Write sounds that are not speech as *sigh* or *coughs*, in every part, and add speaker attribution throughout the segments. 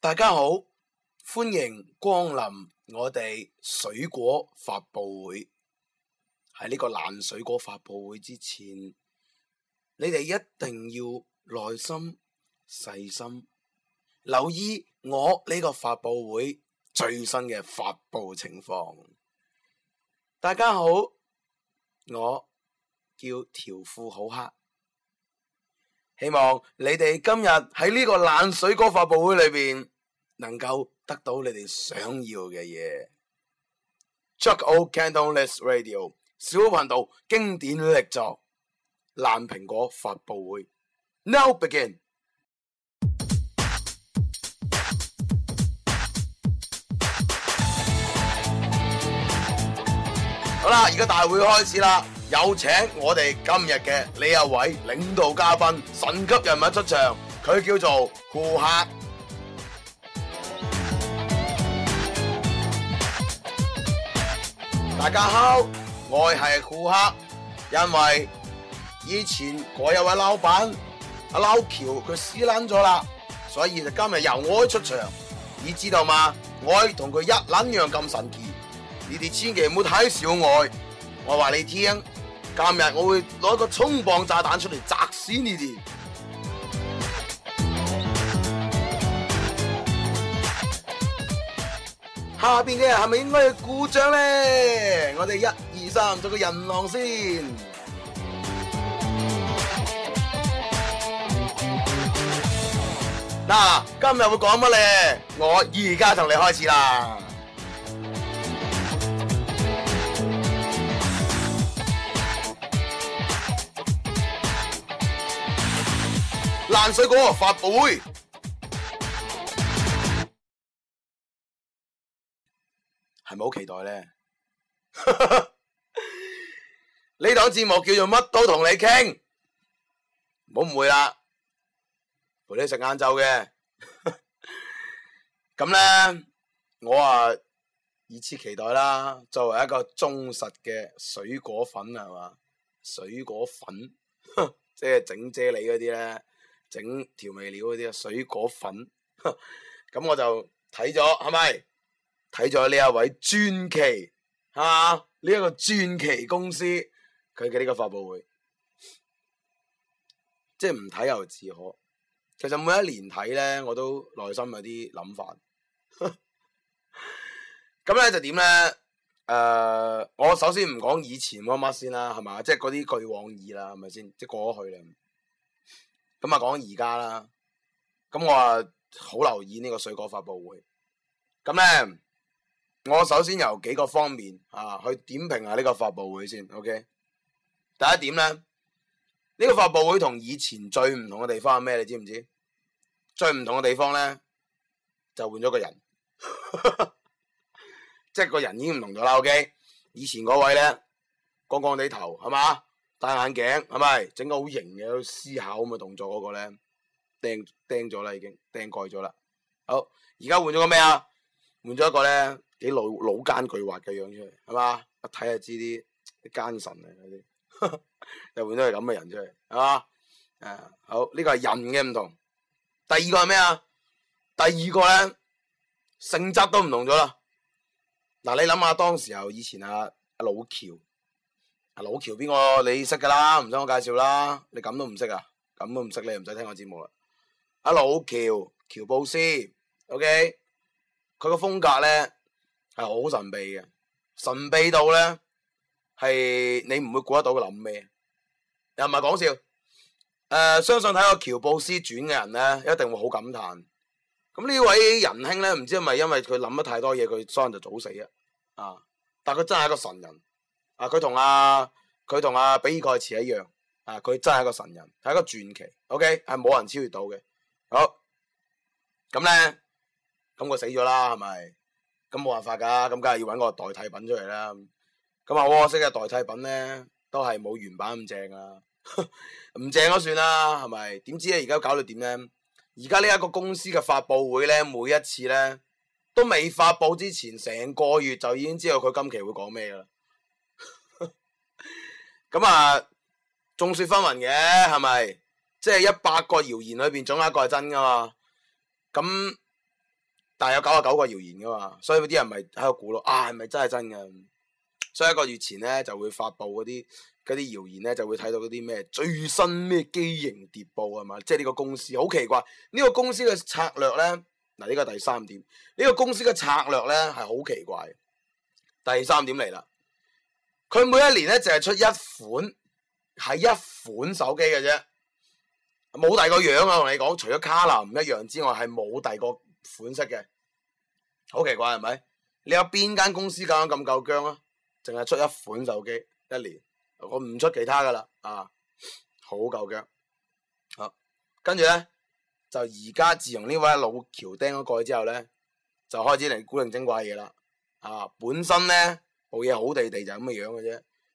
Speaker 1: 大家好，歡迎光臨我哋水果發佈會。喺呢個爛水果發佈會之前，你哋一定要耐心、細心留意我呢個發佈會最新嘅發佈情況。大家好，我叫條褲好黑。希望你哋今日喺呢個爛水果發佈會裏邊，能夠得到你哋想要嘅嘢。Chuck O Candlelist Radio 小頻道經典力作《爛蘋果發佈會》Now begin。 *music* 好啦，而家大會開始啦！有請我哋今日嘅呢一位領導嘉賓，神級人物出場，佢叫做顧客。大家好，我係顧客，因為以前我有位老闆阿撈橋佢死捻咗啦，所以就今日由我出場。你知道嗎？我同佢一捻樣咁神奇，你哋千祈唔好睇小我，我話你聽。今日我會攞個重磅炸彈出嚟砸死你哋。下邊嘅人係咪應該要鼓掌咧？我哋一二三，做個人狼先。嗱、啊，今日會講乜咧？我而家同你開始啦。爛水果發佈會係咪好期待咧？呢 *laughs* 檔節目叫做乜都同你傾，唔好誤會啦，陪你食晏晝嘅。咁 *laughs* 咧，我啊以此期待啦。作為一個忠實嘅水果粉係嘛，水果粉 *laughs* 即係整啫喱嗰啲咧。整調味料嗰啲啊，水果粉，咁 *laughs* 我就睇咗，係咪？睇咗呢一位傳奇，啊，呢、這、一個傳奇公司，佢嘅呢個發布會， *laughs* 即係唔睇又自可。其實每一年睇咧，我都內心有啲諗法。咁 *laughs* 咧就點咧？誒、呃，我首先唔講以前乜乜先啦，係嘛？即係嗰啲俱往矣啦，係咪先？即、就、係、是、過咗去啦。咁啊，講而家啦。咁我啊，好留意呢個水果發佈會。咁咧，我首先由幾個方面啊去點評下呢個發佈會先。OK，第一點咧，呢個發佈會同以前最唔同嘅地方係咩？你知唔知？最唔同嘅地方咧，就換咗個人， *laughs* 即係個人已經唔同咗。OK，以前嗰位咧，光光地頭係嘛？戴眼鏡係咪，整個好型嘅思考咁嘅動作嗰個咧，釘釘咗啦已經，釘蓋咗啦。好，而家換咗個咩啊？換咗一個咧，幾老老奸巨猾嘅樣出嚟，係嘛？一睇就知啲奸臣啊啲， *laughs* 又換咗個咁嘅人出嚟，係嘛？誒、啊，好，呢、這個係人嘅唔同。第二個係咩啊？第二個咧，性質都唔同咗啦。嗱，你諗下當時候以前阿、啊、阿老喬。老喬邊個你識噶啦，唔使我介紹啦，你咁都唔識啊，咁都唔識，你唔使聽我節目啦。阿、啊、老喬喬布斯，OK，佢個風格咧係好神秘嘅，神秘到咧係你唔會估得到佢諗咩，又唔係講笑。誒、呃，相信睇過喬布斯傳嘅人咧，一定會好感嘆。咁呢位仁兄咧，唔知係咪因為佢諗得太多嘢，佢所以就早死啊？啊，但佢真係一個神人。啊！佢同阿佢同阿比爾蓋茨一樣，啊！佢真係一個神人，係一個傳奇。OK，係冇人超越到嘅。好，咁咧，咁佢死咗啦，係咪？咁冇辦法噶，咁梗係要搵個代替品出嚟啦。咁啊，可惜嘅代替品咧都係冇原版咁正啊，唔 *laughs* 正都算啦，係咪？點知咧，而家搞到點咧？而家呢一個公司嘅發佈會咧，每一次咧都未發佈之前，成個月就已經知道佢今期會講咩啦。咁啊，眾說紛紜嘅係咪？即係一百個謠言裏邊，總有一個係真噶嘛？咁，但係有九十九個謠言噶嘛？所以啲人咪喺度估咯，啊係咪真係真噶？所以一個月前咧，就會發布嗰啲嗰啲謠言咧，就會睇到嗰啲咩最新咩機型諜報係嘛？即係呢個公司好奇怪，呢個公司嘅策略咧，嗱呢個第三點，呢個公司嘅策略咧係好奇怪。第三點嚟啦。佢每一年咧，淨係出一款，係一款手機嘅啫，
Speaker 2: 冇第二個樣啊！同你
Speaker 1: 講，除咗卡啦唔一樣之外，係冇第二個款式嘅，好奇怪係咪？你有邊間公司搞到咁夠僵啊？淨係出一款手機一年，我唔出其他噶啦，啊，好夠僵，好，啊，跟住咧就而家自從呢位老喬釘咗蓋之後咧，就開始嚟古靈精怪嘢啦，啊，本身咧。部嘢好地地就咁、是、嘅樣嘅啫，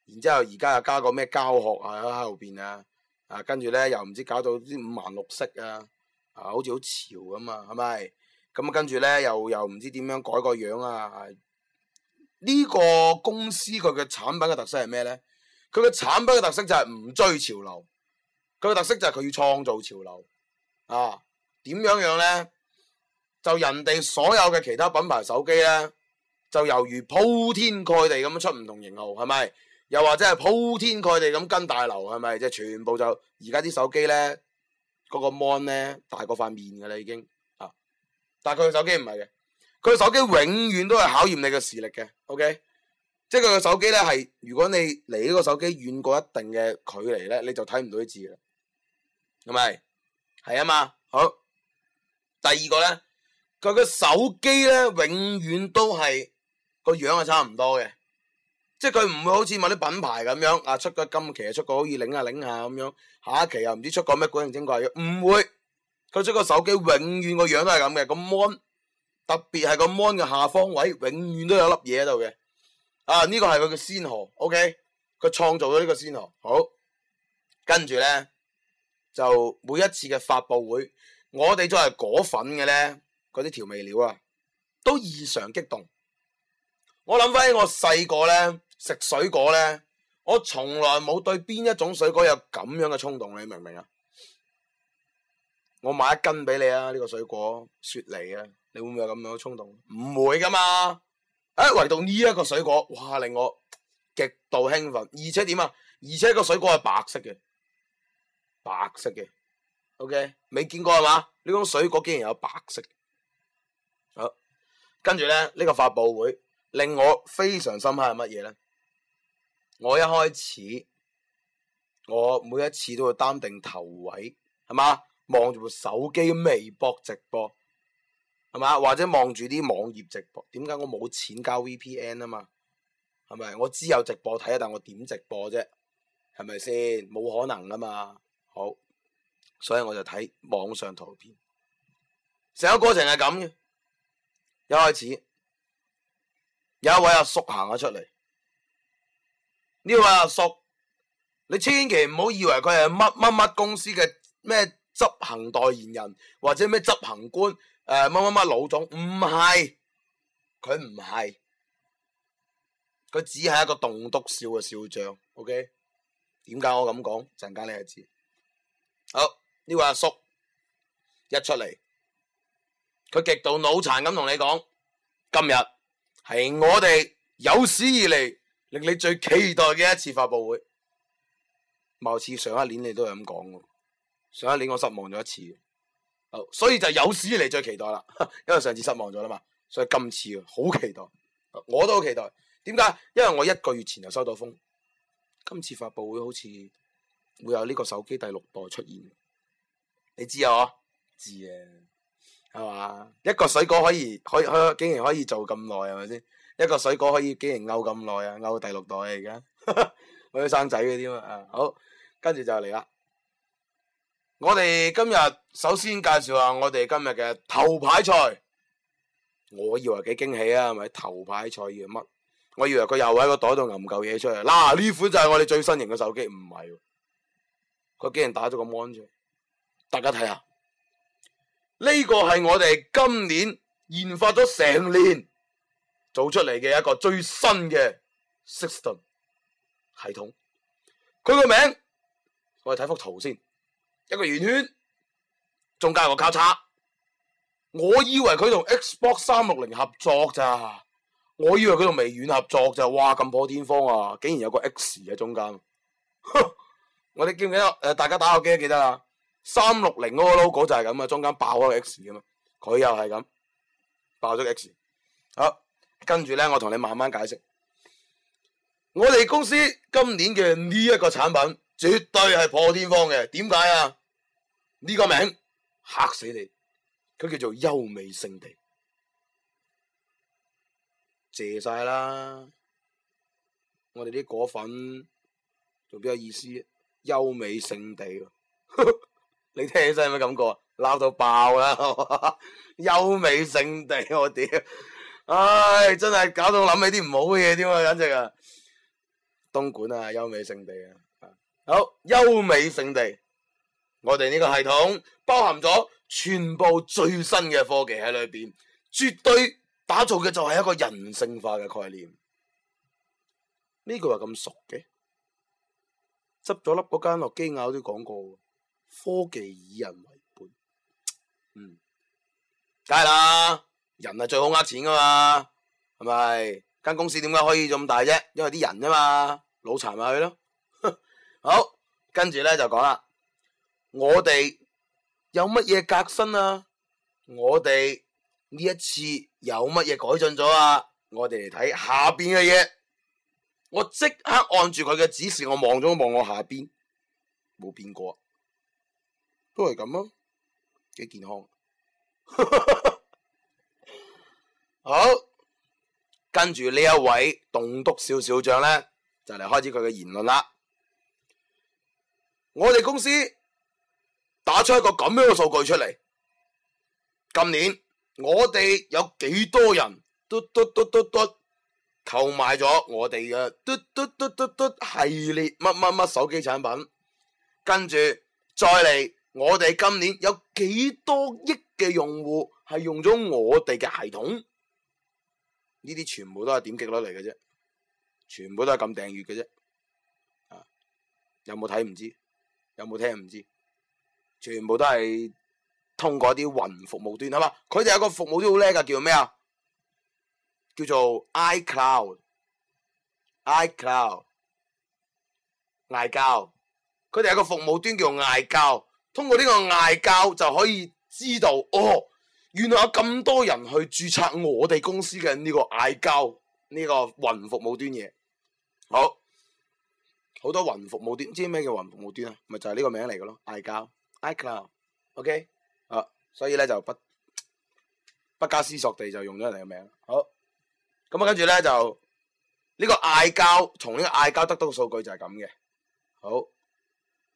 Speaker 1: 然之後而家又加個咩膠殼啊喺後邊啊，啊跟住咧又唔知搞到啲五顏六色啊，啊好似好潮咁啊，係咪？咁啊跟住咧又又唔知點樣改個樣啊？呢、啊這個公司佢嘅產品嘅特色係咩咧？佢嘅產品嘅特色就係唔追潮流，佢嘅特色就係佢要創造潮流啊？點樣樣咧？就人哋所有嘅其他品牌手機咧？就猶如鋪天蓋地咁樣出唔同型號，係咪？又或者係鋪天蓋地咁跟大流，係咪？即係全部就而家啲手機咧，嗰個 mon 咧大過塊面噶啦已經啊，但係佢嘅手機唔係嘅，佢嘅手機永遠都係考驗你嘅視力嘅。OK，即係佢嘅手機咧係，如果你離呢個手機遠過一定嘅距離咧，你就睇唔到啲字啦，係咪？係啊嘛，好。第二個咧，佢嘅手機咧永遠都係。個樣係差唔多嘅，即係佢唔會好似某啲品牌咁樣啊，出個今期啊，出個可以擰下擰下咁樣，下一期又唔知出個咩鬼形精怪嘅，唔會，佢出個手機永遠個樣都係咁嘅，個 mon 特別係個 mon 嘅下方位永遠都有粒嘢喺度嘅，啊呢個係佢嘅先河，OK，佢創造咗呢個先河，好，跟住咧就每一次嘅發布會，我哋都係果粉嘅咧，嗰啲調味料啊，都異常激動。我諗翻起我細個咧食水果咧，我從來冇對邊一種水果有咁樣嘅衝動，你明唔明啊？我買一斤俾你啊，呢、這個水果雪梨啊，你會唔會有咁樣嘅衝動？唔會噶嘛？誒、哎，唯獨呢一個水果，哇，令我極度興奮，而且點啊？而且個水果係白色嘅，白色嘅，OK，未見過係嘛？呢種、這個、水果竟然有白色，好、啊，跟住咧呢、這個發佈會。令我非常深刻係乜嘢咧？我一開始我每一次都會擔定頭位，係嘛？望住部手機微博直播，係嘛？或者望住啲網頁直播？點解我冇錢交 VPN 啊嘛？係咪？我知有直播睇，但我點直播啫？係咪先？冇可能啊嘛？好，所以我就睇網上圖片，成個過程係咁嘅，一開始。有一位阿叔行咗出嚟，呢位阿叔，你千祈唔好以為佢係乜乜乜公司嘅咩執行代言人或者咩執行官，誒乜乜乜老總，唔係，佢唔係，佢只係一個棟篤笑嘅笑匠，OK？點解我咁講？陣間你就知。好，呢位阿叔一出嚟，佢極度腦殘咁同你講，今日。係我哋有史以嚟令你最期待嘅一次發布會，貌似，上一年你都係咁講嘅，上一年我失望咗一次，oh, 所以就有史以嚟最期待啦， *laughs* 因為上次失望咗啦嘛，所以今次好期待，我都好期待，點解？因為我一個月前就收到風，今次發布會好似會有呢個手機第六代出現，你知啊？知啊。係嘛？一個水果可以，可以，可以可以竟然可以做咁耐，係咪先？一個水果可以，竟然漚咁耐啊！漚第六代而家， *laughs* 我要生仔嘅添啊！好，跟住就嚟啦。我哋今日首先介紹下我哋今日嘅頭牌菜。我以為幾驚喜啊，係咪？頭牌菜要乜？我以為佢又喺個袋度揞嚿嘢出嚟。嗱、啊，呢款就係我哋最新型嘅手機，唔係。佢竟然打咗個 mon 出嚟，大家睇下。呢個係我哋今年研發咗成年做出嚟嘅一個最新嘅 system 系統，佢個名，我哋睇幅圖先，一個圓圈，中間有個交叉。我以為佢同 Xbox 三六零合作咋，我以為佢同微軟合作就，哇咁破天荒啊，竟然有個 X 喺中間。我哋記唔記得誒，大家打下機記得啦。三六零個 logo 就係咁啊，中間爆開個 X 啊嘛，佢又係咁爆咗個 X。好，跟住咧，我同你慢慢解釋。我哋公司今年嘅呢一個產品絕對係破天荒嘅，點解啊？呢、這個名嚇死你，佢叫做優美勝地，謝晒啦！我哋啲果粉仲比較意思？優美勝地。 *laughs* 你聽起身有咩感覺啊？撈到爆啦，係 *laughs* 優美勝地，我屌！唉、哎，真係搞到諗起啲唔好嘅嘢添啊！簡直啊，東莞啊，優美勝地啊！好，優美勝地，我哋呢個系統包含咗全部最新嘅科技喺裏邊，絕對打造嘅就係一個人性化嘅概念。呢句話咁熟嘅，執咗粒嗰間諾基亞都講過。科技以人為本，嗯，梗係啦，人係最好呃錢噶嘛，係咪？間公司點解可以咁大啫？因為啲人啊嘛，腦殘咪去咯。 *laughs* 好，跟住咧就講啦，我哋有乜嘢革新啊？我哋呢一次有乜嘢改進咗啊？我哋嚟睇下邊嘅嘢。我即刻按住佢嘅指示，我望咗望我下邊，冇變過。都係咁咯，幾健康。好，跟住呢一位棟篤少少將咧，就嚟開始佢嘅言論啦。我哋公司打出一個咁樣嘅數據出嚟，今年我哋有幾多人嘟嘟嘟嘟嘟購買咗我哋嘅嘟嘟嘟嘟嘟系列乜乜乜手機產品，跟住再嚟。我哋今年有幾多億嘅用戶係用咗我哋嘅系統？呢啲全部都係點擊率嚟嘅啫，全部都係咁訂閱嘅啫。啊，有冇睇唔知？有冇聽唔知？全部都係通過啲雲服務端係嘛？佢哋有個服務都好叻㗎，叫做咩啊？叫做 iCloud，iCloud，嗌交。佢哋有個服務端叫嗌交。Cloud, 通過呢個嗌交就可以知道哦，原來有咁多人去注冊我哋公司嘅呢個嗌交呢、這個雲服務端嘢，好，好多雲服務端，知咩叫雲服務端啊？咪就係、是、呢個名嚟嘅咯，嗌交，iCloud，OK，okay? 啊，所以咧就不不加思索地就用咗人哋嘅名，好，咁啊跟住咧就呢、這個嗌交，從呢個嗌交得到嘅數據就係咁嘅，好，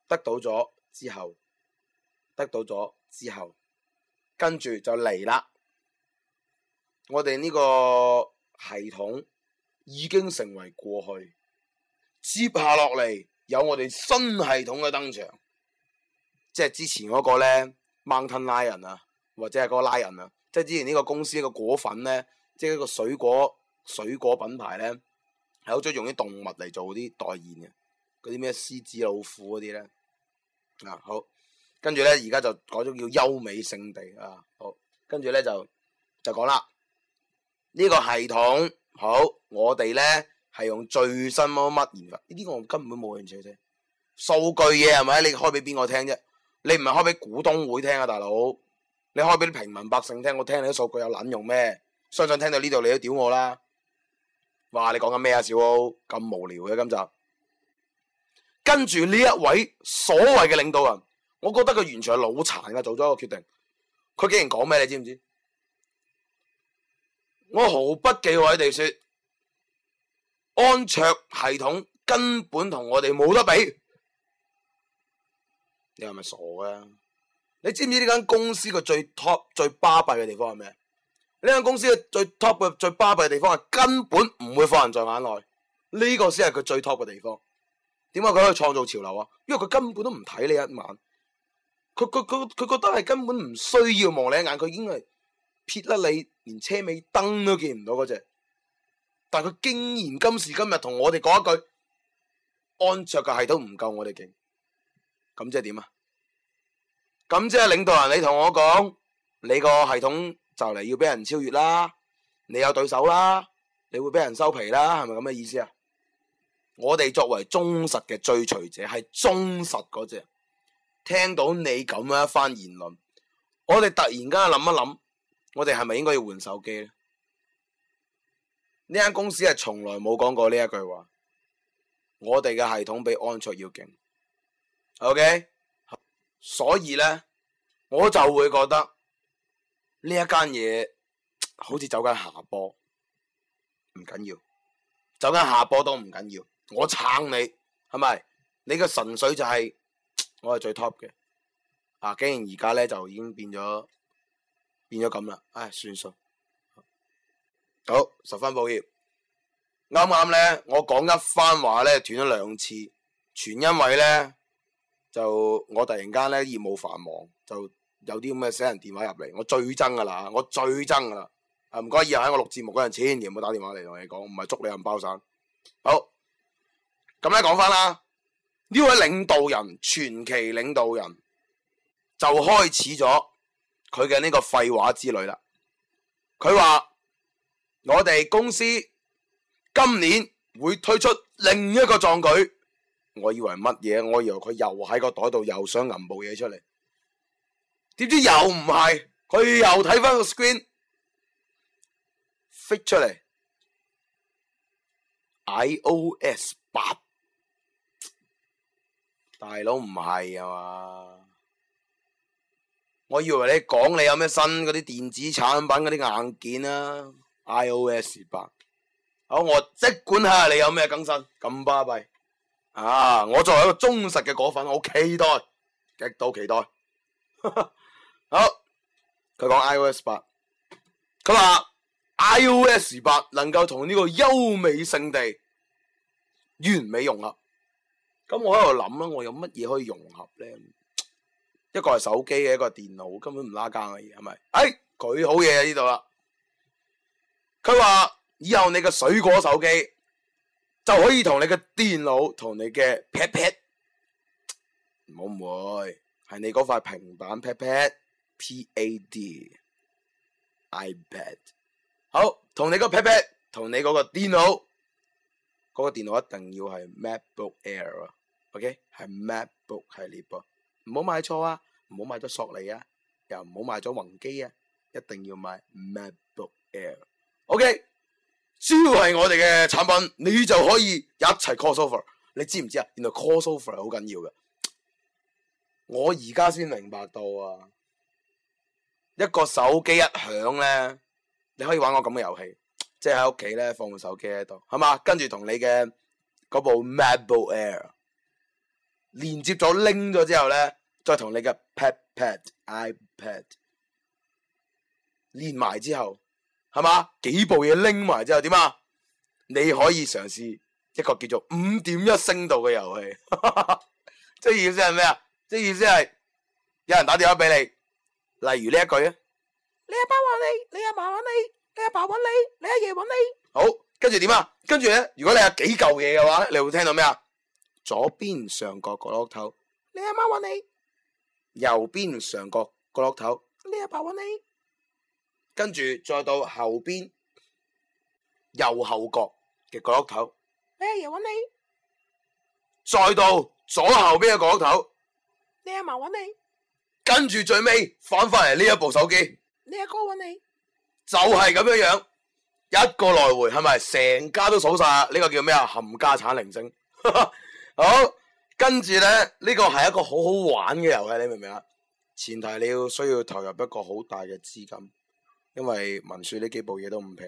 Speaker 1: 得到咗之後。得到咗之後，跟住就嚟啦！我哋呢個系統已經成為過去，接下落嚟有我哋新系統嘅登場，即係之前嗰個咧 Mountain Lion 啊，或者係嗰個 Lion 啊，即係之前呢個公司嘅果粉咧，即係一個水果水果品牌咧，係好中意用啲動物嚟做啲代言嘅，嗰啲咩獅子、老虎嗰啲咧，嗱、啊、好。跟住咧，而家就改咗叫優美勝地啊！好，跟住咧就就講啦，呢個系統好，我哋咧係用最新乜乜研發，呢啲我根本冇興趣啫。數據嘢係咪？你開俾邊個聽啫？你唔係開俾股東會聽啊，大佬！你開俾啲平民百姓聽，我聽你啲數據有撚用咩？相信聽到呢度你都屌我啦！哇，你講緊咩啊？小歐咁無聊嘅、啊、今集。跟住呢一位所謂嘅領導人。我覺得佢完全係腦殘嘅，做咗個決定，佢竟然講咩？你知唔知？我毫不忌諱地說，安卓系統根本同我哋冇得比。你係咪傻嘅？你知唔知呢間公司佢最 top 最巴閉嘅地方係咩？呢間公司嘅最 top 嘅最巴閉嘅地方係根本唔會放人在眼內。呢個先係佢最 top 嘅地方。點解佢可以創造潮流啊？因為佢根本都唔睇你一眼。佢佢佢佢覺得係根本唔需要望你一眼，佢已經係撇甩你，連車尾燈都見唔到嗰隻。但係佢竟然今時今日同我哋講一句安卓嘅系統唔夠我哋勁，咁即係點啊？咁即係領導人你，你同我講你個系統就嚟要俾人超越啦，你有對手啦，你會俾人收皮啦，係咪咁嘅意思啊？我哋作為忠實嘅追隨者，係忠實嗰隻。聽到你咁樣一番言論，我哋突然間諗一諗，我哋係咪應該要換手機咧？呢間公司係從來冇講過呢一句話。我哋嘅系統比安卓要勁，OK。所以咧，我就會覺得呢一間嘢好似走緊下坡，唔緊要，走緊下坡都唔緊要。我撐你係咪？你嘅純粹就係、是。我係最 top 嘅，啊，竟然而家咧就已經變咗變咗咁啦，唉，算數。好，十分抱歉。啱啱咧，我講一番話咧斷咗兩次，全因為咧就我突然間咧業務繁忙，就有啲咁嘅死人電話入嚟，我最憎噶啦，我最憎噶啦。啊，唔該，以後喺我錄節目嗰陣千祈唔好打電話嚟同你講，唔係捉你人包散。好，咁咧講翻啦。呢位領導人，傳奇領導人，就開始咗佢嘅呢個廢話之旅啦。佢話我哋公司今年會推出另一個壯舉。我以為乜嘢？我以為佢又喺個袋度又想揞部嘢出嚟。點知又唔係？佢又睇翻個 screen，fit 出嚟，iOS 八。大佬唔係啊嘛，我以為你講你有咩新嗰啲電子產品嗰啲硬件啦、啊，iOS 八，好，我即管睇下你有咩更新咁巴閉。啊，我作為一個忠實嘅果粉，我期待，極度期待， *laughs* 好，佢講 iOS 八，佢話 iOS 八能夠同呢個優勝美地完美融合。咁我喺度諗啦，我有乜嘢可以融合咧？一個係手機嘅，一個係電腦根本唔拉更嘅嘢，係咪？哎，佢好嘢喺呢度啦！佢話以後你嘅水果手機就可以同你嘅電腦同你嘅 pad，唔會係你嗰塊平板 pad，p a d，iPad，、e、好同你個 pad 同你嗰個電腦，嗰個電腦一定要係 MacBook Air 啊！O.K. 係 MacBook 系列噃，唔好買錯啊，唔好買咗索尼啊，又唔好買咗宏基啊，一定要買 MacBook Air。O.K. 只要係我哋嘅產品，你就可以一齊 Crossover。你知唔知啊？原來 Crossover 係好緊要嘅。我而家先明白到啊，一個手機一響咧，你可以玩個咁嘅遊戲，即係喺屋企咧放部手機喺度，係嘛，跟住同你嘅嗰部 MacBook Air。連接咗拎咗之後咧，再同你嘅 Pad、iPad 連埋之後，係嘛？幾部嘢拎埋之後點啊？你可以嘗試一個叫做五點一聲道嘅遊戲。即 *laughs* 係意思係咩啊？即係意思係有人打電話俾你，例如呢一句啊。你阿爸揾你，你阿嫲揾你，你阿爸揾你，你阿爺揾你。你爸爸你好，跟住點啊？跟住咧，如果你有幾嚿嘢嘅話，你會聽到咩啊？左邊上角角落頭，你阿媽揾你；右邊上角角落頭，你阿爸揾你。跟住再到後邊右後角嘅角落頭，你阿爺揾你。再到左後邊嘅角落頭，你阿嫲揾你。跟住最尾返返嚟呢一部手機，你阿哥揾你。就係咁樣樣，一個來回係咪？成家都數晒，呢個叫咩啊？冚家鏟鈴聲。 *laughs* 好，跟住呢，呢個係一個好好玩嘅遊戲，你明唔明啊？前提你要需要投入一個好大嘅資金，因為文書呢幾部嘢都唔平。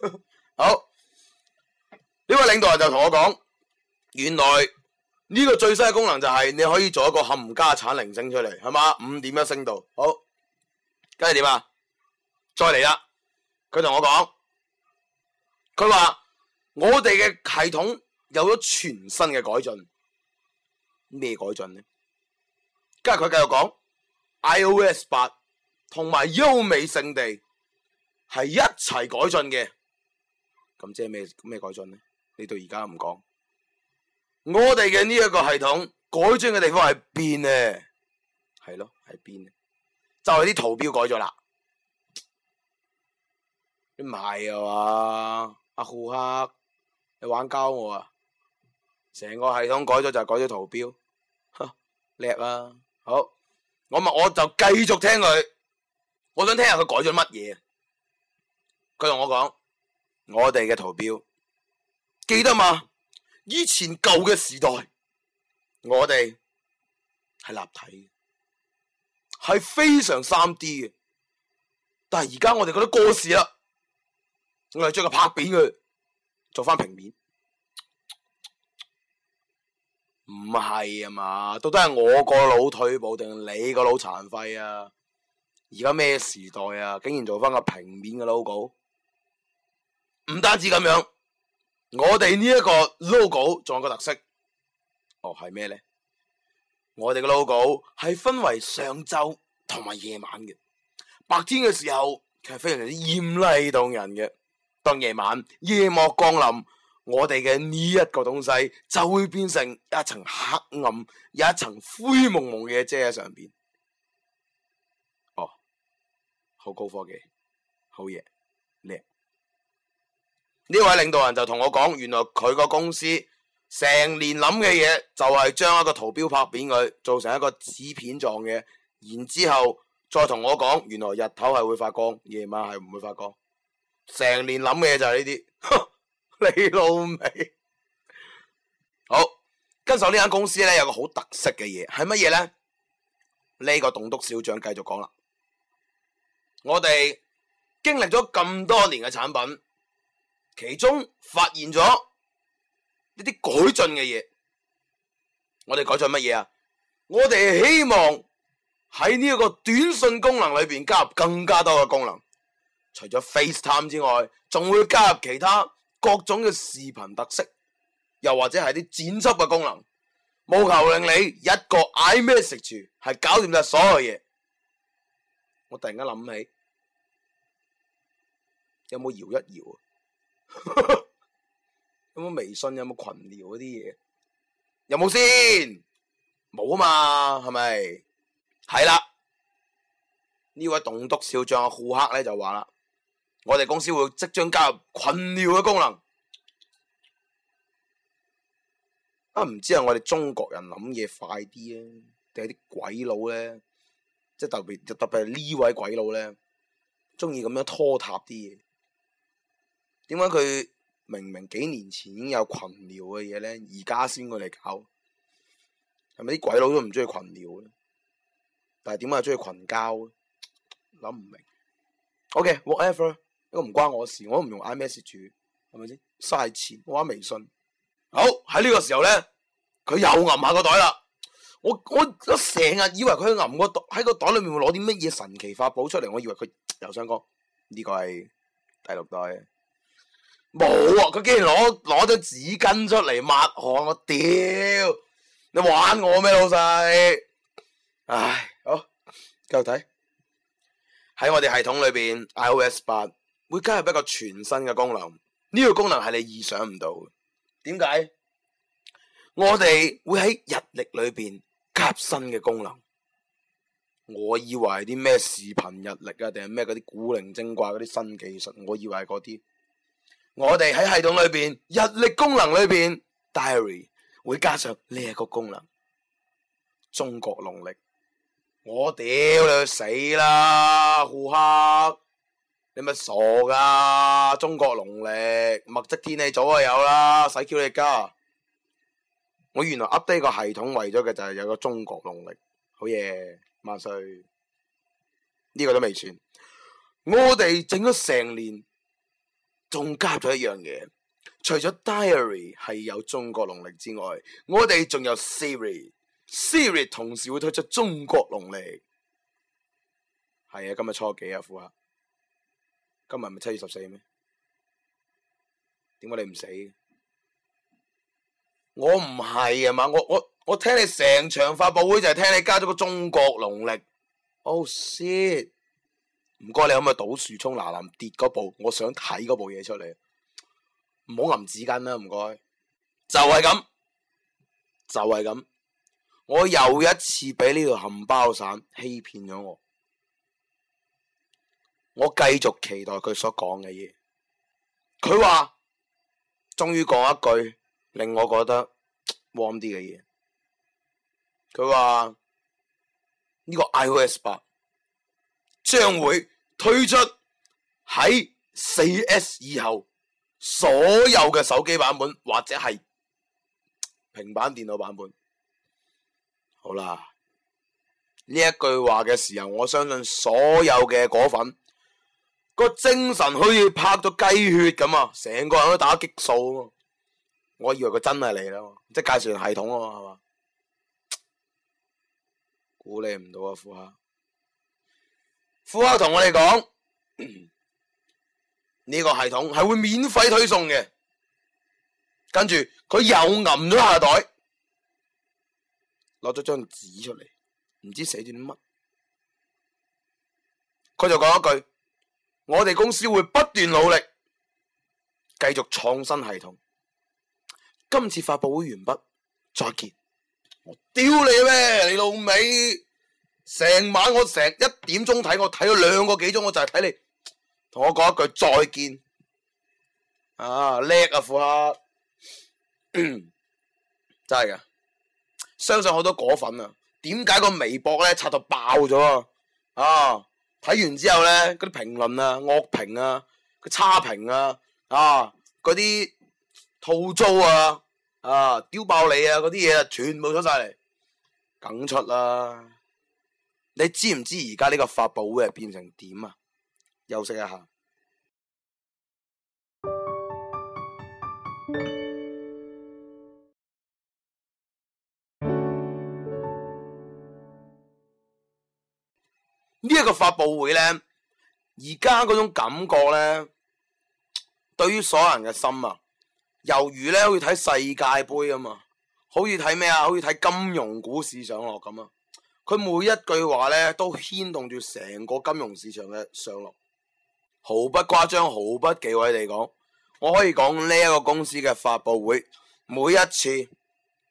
Speaker 1: *laughs* 好，呢位領導人就同我講，原來呢個最新嘅功能就係你可以做一個冚家產鈴聲出嚟，係嘛？五點一聲道，好，跟住點啊？再嚟啦！佢同我講，佢話我哋嘅系統。有咗全新嘅改進，咩改進呢？跟住佢繼續講，iOS 八同埋優美勝地係一齊改進嘅。咁即係咩咩改進呢？你到而家都唔講，我哋嘅呢一個系統改進嘅地方係邊呢？係咯，係邊，就係、是、啲圖標改咗啦。你唔係啊，阿酷克，你玩鳩我啊！成個系統改咗就改咗圖標，叻 *laughs* 啊！好，我咪我就繼續聽佢，我想聽下佢改咗乜嘢。佢同我講，我哋嘅圖標記得嘛？以前舊嘅時代，我哋係立體嘅，係非常三 D 嘅。但係而家我哋覺得過時啦，我哋將佢拍扁佢，做翻平面。唔係啊嘛，到底係我個腦退步定你個腦殘廢啊？而家咩時代啊，竟然做翻個平面嘅 logo？唔單止咁樣，我哋呢一個 logo 仲有個特色，哦係咩咧？我哋嘅 logo 係分為上晝同埋夜晚嘅，白天嘅時候係非常之艷麗動人嘅，當夜晚夜幕降臨。我哋嘅呢一個東西就會變成一層黑暗，一層灰蒙蒙嘅遮喺上邊。哦，好高科技，好嘢，叻！呢位領導人就同我講，原來佢個公司成年諗嘅嘢就係將一個圖標拍扁佢，做成一個紙片狀嘅，然之後再同我講，原來日頭係會發光，夜晚係唔會發光。成年諗嘅嘢就係呢啲。 *laughs* 你老味好，跟手呢間公司咧有個好特色嘅嘢，係乜嘢咧？呢、這個棟篤小將繼續講啦。我哋經歷咗咁多年嘅產品，其中發現咗一啲改進嘅嘢。我哋改進乜嘢啊？我哋希望喺呢一個短信功能裏邊加入更加多嘅功能，除咗 FaceTime 之外，仲會加入其他。各種嘅視頻特色，又或者係啲剪輯嘅功能，務求令你一個 iMessage，係搞掂晒所有嘢。我突然間諗起，有冇搖一搖啊？ *laughs* 有冇微信有冇群聊嗰啲嘢？有冇先？冇啊嘛，係咪？係啦，位督少呢位棟篤少將嘅顧客咧就話啦。我哋公司會即將加入群聊嘅功能。啊，唔知係我哋中國人諗嘢快啲啊，定係啲鬼佬咧，即係特別特別呢位鬼佬咧，中意咁樣拖沓啲嘢。點解佢明明幾年前已經有群聊嘅嘢咧，而家先過嚟搞？係咪啲鬼佬都唔中意群聊咧？但係點解中意群交咧？諗唔明。OK，whatever。都唔關我事，我都唔用 iMessage 住，係咪先？嘥錢，我玩微信。好，喺呢個時候咧，
Speaker 2: 佢又揞下個袋啦。
Speaker 1: 我我成日以為佢揞個袋喺個袋裏面會攞啲乜嘢神奇法寶出嚟，我以為佢又想講呢個係第六代。冇啊！佢竟然攞攞張紙巾出嚟抹汗，我屌！你玩我咩老細？唉，好，繼續睇喺我哋系統裏邊 iOS 八。會加入一個全新嘅功能，呢個功能係你意想唔到嘅。點解？我哋會喺日曆裏邊加新嘅功能。我以為啲咩視頻日曆啊，定係咩嗰啲古靈精怪嗰啲新技術。我以為嗰啲，我哋喺系統裏邊日曆功能裏邊，diary 會加上呢一個功能，中國農曆。我屌你去死啦，胡克！你咪傻噶？中國農曆、墨跡天氣早就有啦，使叫你加？我原來 update 低個系統為咗嘅就係有個中國農曆，好嘢，萬歲！呢個都未算，我哋整咗成年，仲加咗一樣嘢，除咗 diary 係有中國農曆之外，我哋仲有 siri，siri 同時會推出中國農曆，係啊，今日初幾啊，副客。今日咪七月十四咩？點解你唔死？我唔係啊嘛！我我我聽你成場發布會就係聽你加咗個中國農曆。Oh shit！唔該你可唔可以倒樹衝嗱嗱跌嗰部？我想睇嗰部嘢出嚟。唔好攬紙巾啦，唔該。就係咁，就係咁。我又一次俾呢條冚包散欺騙咗我。我繼續期待佢所講嘅嘢，佢話終於講一句令我覺得 warm 啲嘅嘢。佢話呢個 iOS 八將會推出喺四 S 以後所有嘅手機版本或者係平板電腦版本。好啦，呢一句話嘅時候，我相信所有嘅果粉。個精神好似拍咗雞血咁啊！成個人都打激素，啊。我以為佢真係嚟啦，即係介紹完系統啊嘛，係嘛？估你唔到啊，富克！富克同我哋講呢個系統係會免費推送嘅，跟住佢又揞咗下袋，攞咗張紙出嚟，唔知寫住啲乜，佢就講一句。我哋公司會不斷努力，繼續創新系統。今次發佈會完畢，再見。我屌你咩？你老味！成晚我成一點鐘睇，我睇咗兩個幾鐘，我就係睇你同我講一句再見。啊叻啊，富克 *coughs* 真係噶！相信好多果粉啊，點解個微博咧刷到爆咗啊？睇完之後咧，嗰啲評論啊、惡評啊、個差評啊、啊嗰啲套租啊、啊屌爆你啊嗰啲嘢啊，全部出晒嚟，梗出啦，啊！你知唔知而家呢個發布會係變成點啊？休息一下。呢一個發佈會咧，而家嗰種感覺呢，對於所有人嘅心啊，猶如呢，好似睇世界盃啊嘛，好似睇咩啊，好似睇金融股市上落咁啊。佢每一句話呢，都牽動住成個金融市場嘅上落，毫不誇張，毫不忌諱地講，我可以講呢一個公司嘅發佈會，每一次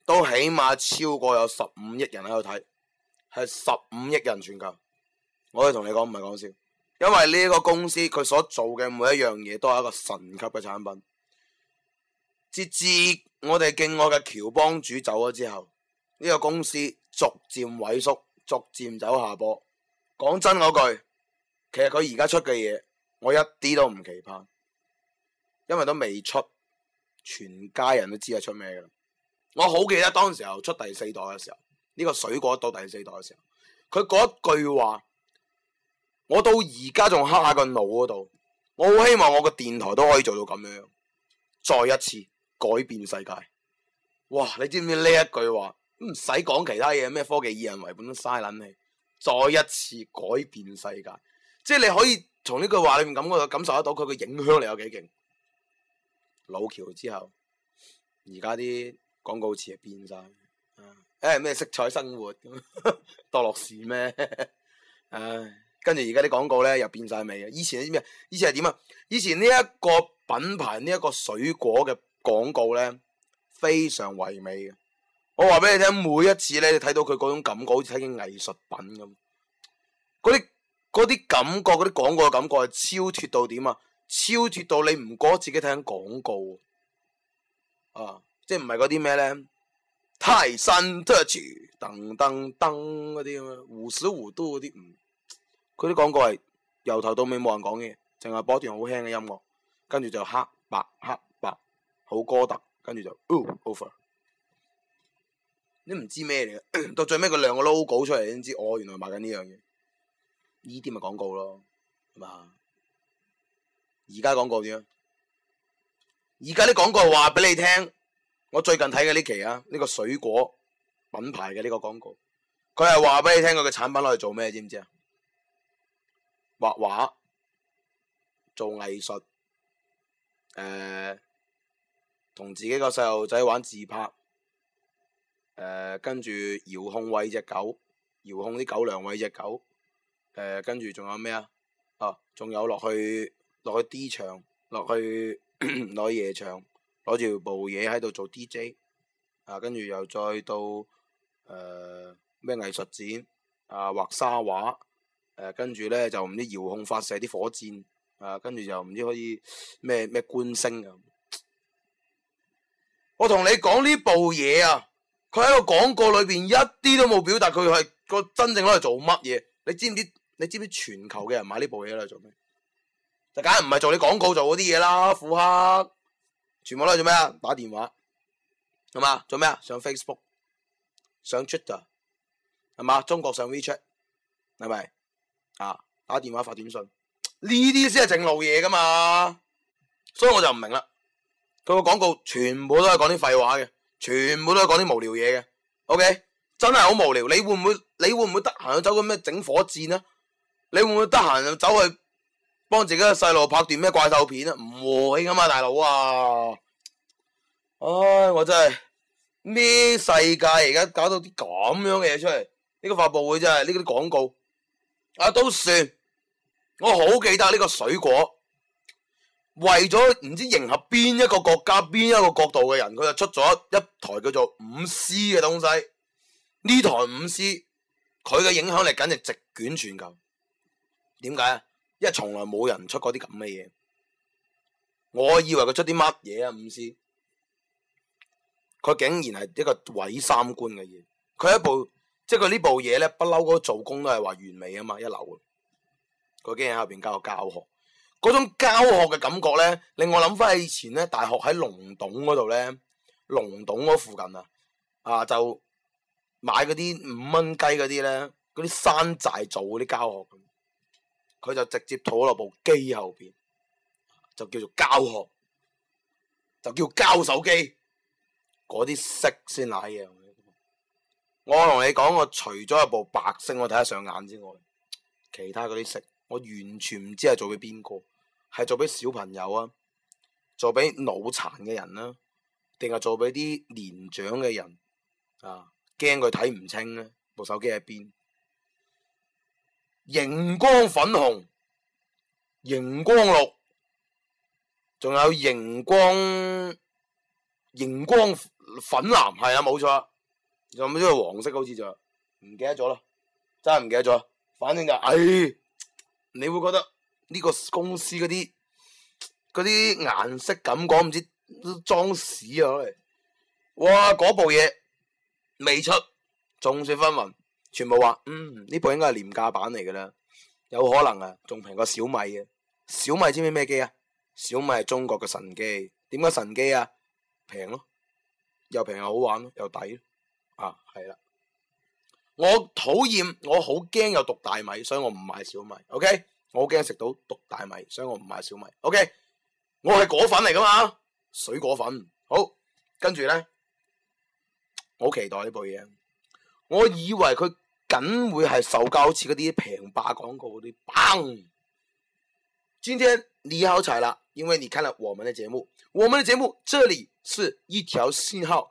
Speaker 1: 都起碼超過有十五億人喺度睇，係十五億人全球。我可以同你講唔係講笑，因為呢個公司佢所做嘅每一樣嘢都係一個神級嘅產品。直至我哋敬愛嘅喬幫主走咗之後，呢個公司逐漸萎縮，逐漸走下坡。講真嗰句，其實佢而家出嘅嘢，我一啲都唔期盼，因為都未出，全家人都知係出咩嘅。我好記得當時候出第四代嘅時候，呢個水果到第四代嘅時候，佢嗰句話。我到而家仲刻喺個腦嗰度，我好希望我個電台都可以做到咁樣，再一次改變世界。哇！你知唔知呢一句話唔使講其他嘢，咩科技以人為本嘥撚氣，再一次改變世界。即係你可以從呢句話裏面感覺到感受得到佢嘅影響力有幾勁。老喬之後，而家啲廣告詞係變晒，誒、欸、咩色彩生活，多樂士咩，唉。跟住而家啲廣告咧又變晒味嘅。以前你知咩？以前係點啊？以前呢一個品牌呢一個水果嘅廣告咧，非常唯美嘅。我話俾你聽，每一次咧你睇到佢嗰種感覺，好似睇緊藝術品咁。嗰啲嗰啲感覺，嗰啲廣告嘅感覺係超脱到點啊？超脱到你唔覺得自己睇緊廣告啊？即係唔係嗰啲咩咧？泰山特曲，噔噔噔嗰啲，五十五度嗰啲唔。佢啲廣告係由頭到尾冇人講嘅，淨係播一段好輕嘅音樂，跟住就黑白黑白，好歌特，跟住就、哦、over。你唔知咩嚟嘅，到最尾佢亮個 logo 出嚟先知，哦，原來賣緊呢樣嘢，呢啲咪廣告咯，係嘛？而家廣告點樣？而家啲廣告話俾你聽，我最近睇嘅呢期啊，呢、呢個水果品牌嘅呢個廣告，佢係話俾你聽佢嘅產品攞嚟做咩，知唔知啊？畫畫，做藝術，誒、呃，同自己個細路仔玩自拍，誒、呃，跟住遙控喂隻狗，遙控啲狗糧喂隻狗，誒、呃，跟住仲有咩啊？啊，仲有落去落去 D 場，落去攞 *coughs* 夜場，攞住部嘢喺度做 DJ，啊，跟住又再到誒咩藝術展，啊，畫沙畫。誒、啊，跟住咧就唔知遙控發射啲火箭，誒、啊，跟住就唔知可以咩咩觀星咁。我同你講呢部嘢啊，佢喺、啊、個廣告裏邊一啲都冇表達佢係個真正攞嚟做乜嘢。你知唔知？你知唔知全球嘅人買呢部嘢攞嚟做咩？就梗係唔係做你廣告做嗰啲嘢啦，副黑，全部攞嚟做咩啊？打電話，係嘛？做咩啊？上 Facebook，上 Twitter，係嘛？中國上 WeChat，係咪？啊！打電話發短信呢啲先係正路嘢，噶嘛，所以我就唔明啦。佢個廣告全部都係講啲廢話嘅，全部都係講啲無聊嘢嘅。OK，真係好無聊。你會唔會？你會唔會得閒去走個咩整火箭啊？你會唔會得閒走去幫自己個細路拍段咩怪獸片啊？唔和氣啊嘛，大佬啊！唉，我真係咩世界而家搞到啲咁樣嘅嘢出嚟？呢個發布會真係呢啲廣告。啊，都算！我好記得呢個水果，為咗唔知迎合邊一個國家、邊一個角度嘅人，佢就出咗一,一台叫做五 C 嘅東西。呢台五 C，佢嘅影響力簡直直捲全球。點解啊？因為從來冇人出過啲咁嘅嘢。我以為佢出啲乜嘢啊？五 C，佢竟然係一個毀三觀嘅嘢。佢係一部。即係佢呢部嘢咧，不嬲嗰個做工都係話完美啊嘛，一流啊！佢竟然喺入邊加個膠殼，嗰種膠殼嘅感覺咧，令我諗翻以前咧，大學喺龍洞嗰度咧，龍洞嗰附近啊，啊就買嗰啲五蚊雞嗰啲咧，嗰啲山寨做嗰啲膠殼，佢就直接坐落部機後邊，就叫做膠殼，就叫膠手機，嗰啲色先嗱嘢。
Speaker 2: 我同你講，
Speaker 1: 我除咗一部白色我睇得上眼之外，其他嗰啲色我完全唔知係做俾邊個，係做俾小朋友啊，做俾腦殘嘅人啊，定係做俾啲年長嘅人啊？驚佢睇唔清呢！部手機喺邊？熒光粉紅、熒光綠，仲有熒光熒光粉藍，係啊，冇錯。仲有咩黃色好似就，唔記得咗咯，真係唔記得咗。反正就，唉、哎，你會覺得呢個公司嗰啲嗰啲顏色咁講唔知裝屎啊！我嚟，哇！嗰部嘢未出，眾說紛紜，全部話嗯呢部應該係廉價版嚟嘅啦，有可能啊，仲平過小米嘅、啊。小米知唔知咩機啊？小米係中國嘅神機，點解神機啊？平咯、啊，又平又好玩又抵。啊，係啦！我討厭，我好驚有毒大米，所以我唔買小米。OK，我好驚食到毒大米，所以我唔買小米。OK，我係果粉嚟㗎嘛，水果粉。好，跟住咧，我好期待呢部嘢。我以為佢梗會係受教好似嗰啲平霸廣告嗰啲，嘣！今天你考齊啦，因為你看了我們的節目，我們的節目這裏是一條信號。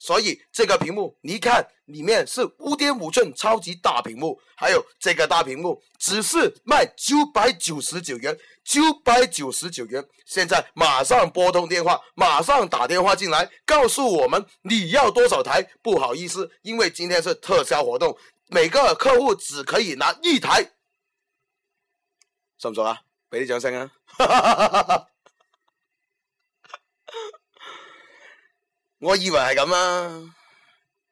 Speaker 1: 所以這個屏幕，你看裏面是五點五寸超級大屏幕，還有這個大屏幕，只是賣九百九十九元，九百九十九元。現在馬上撥通電話，馬上打電話進來，告訴我們你要多少台。不好意思，因為今天是特銷活動，每個客戶只可以拿一台。上唔上啊？俾你掌聲啊！哈哈哈哈哈哈。我以為係咁啊，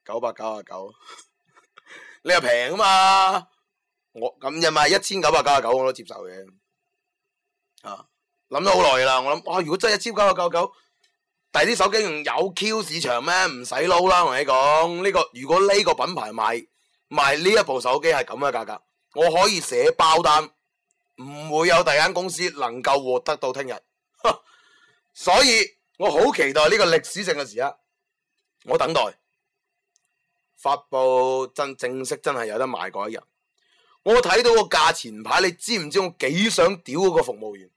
Speaker 1: 九百九十九，你又平啊嘛？我咁入賣一千九百九十九我都接受嘅，啊諗咗好耐噶啦，我諗哇、哦，如果真係一千九百九十九，第係啲手機有 Q 市場咩？唔使撈啦，同你講呢、這個，如果呢個品牌賣賣呢一部手機係咁嘅價格，我可以寫包單，唔會有第二間公司能夠活得到聽日，所以。我好期待呢個歷史性嘅時刻，我等待發布真正式真係有得賣嗰一日。我睇到個價錢牌，你知唔知我幾想屌嗰個服務員？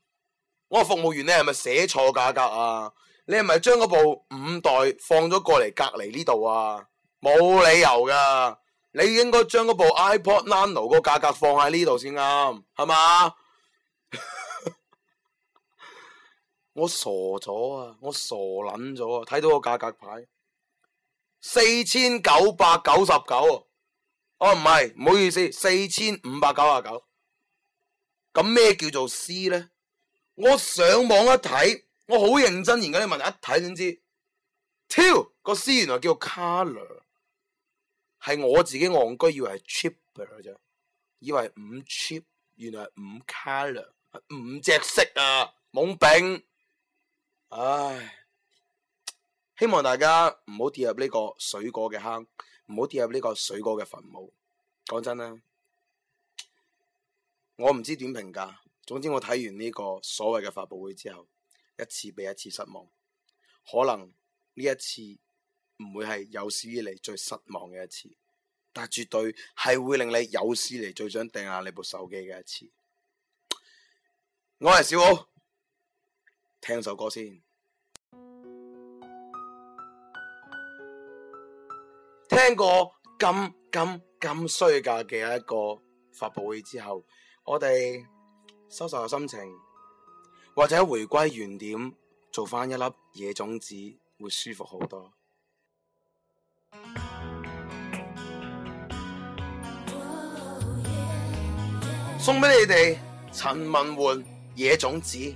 Speaker 1: 我話服務員，你係咪寫錯價格啊？你係咪將嗰部五代放咗過嚟隔籬呢度啊？冇理由噶，你應該將嗰部 iPod Nano 個價格放喺呢度先啱，係嘛？ *laughs* 我傻咗啊！我傻捻咗啊！睇到個價格牌，四千九百九十九。哦，唔係，唔好意思，四千五百九啊九。咁咩叫做 C 咧？我上網一睇，我好認真研究呢問題，一睇先知？跳個 C 原來叫 c o l o r 係我自己戇居以為係 cheap 嘅啫，以為五 cheap，ch 原來係五 c o l o r 五隻色啊！懵丙。唉，希望大家唔好跌入呢個水果嘅坑，唔好跌入呢個水果嘅墳墓。講真啦，我唔知點評價。總之我睇完呢個所謂嘅發佈會之後，一次比一次失望。可能呢一次唔會係有史以嚟最失望嘅一次，但係絕對係會令你有史以嚟最想掟下你部手機嘅一次。我係小奧。聽首歌先，聽過咁咁咁衰格嘅一個發佈會之後，我哋收拾下心情，或者回歸原點，做翻一粒野種子，會舒服好多。送俾你哋陳文媛，野種子。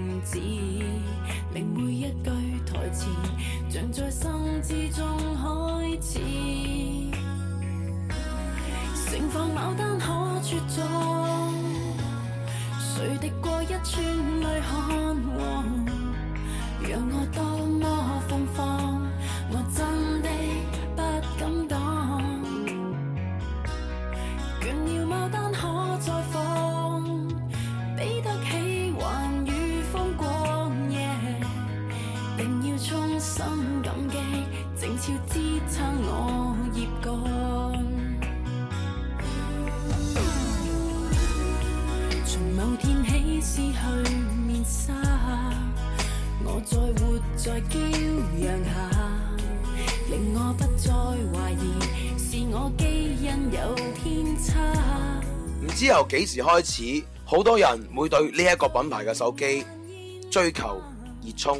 Speaker 2: 令每一句台詞像在心之中開始。盛放牡丹可茁壯，誰滴過一串淚汗黃，讓我多麼。唔
Speaker 1: 知由幾時開始，好多人會對呢一個品牌嘅手機追求熱衷。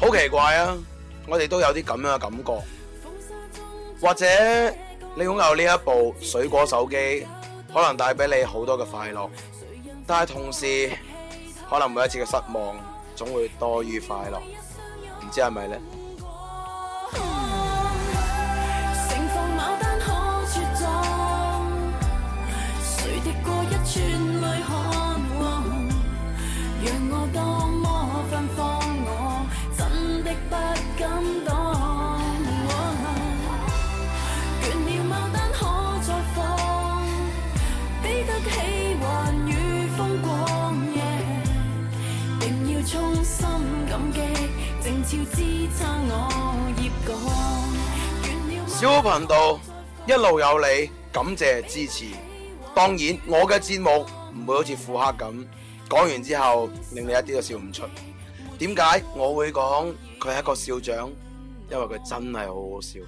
Speaker 1: 好奇怪啊！我哋都有啲咁樣嘅感覺，或者你擁有呢一部水果手機，可能帶俾你好多嘅快樂，但係同時，可能每一次嘅失望總會多於快樂，唔知係咪咧？小頻道一路有你，感謝支持。當然，我嘅節目唔會好似富克咁講完之後令你一啲都笑唔出。點解我會講佢係一個笑長？因為佢真係好好笑。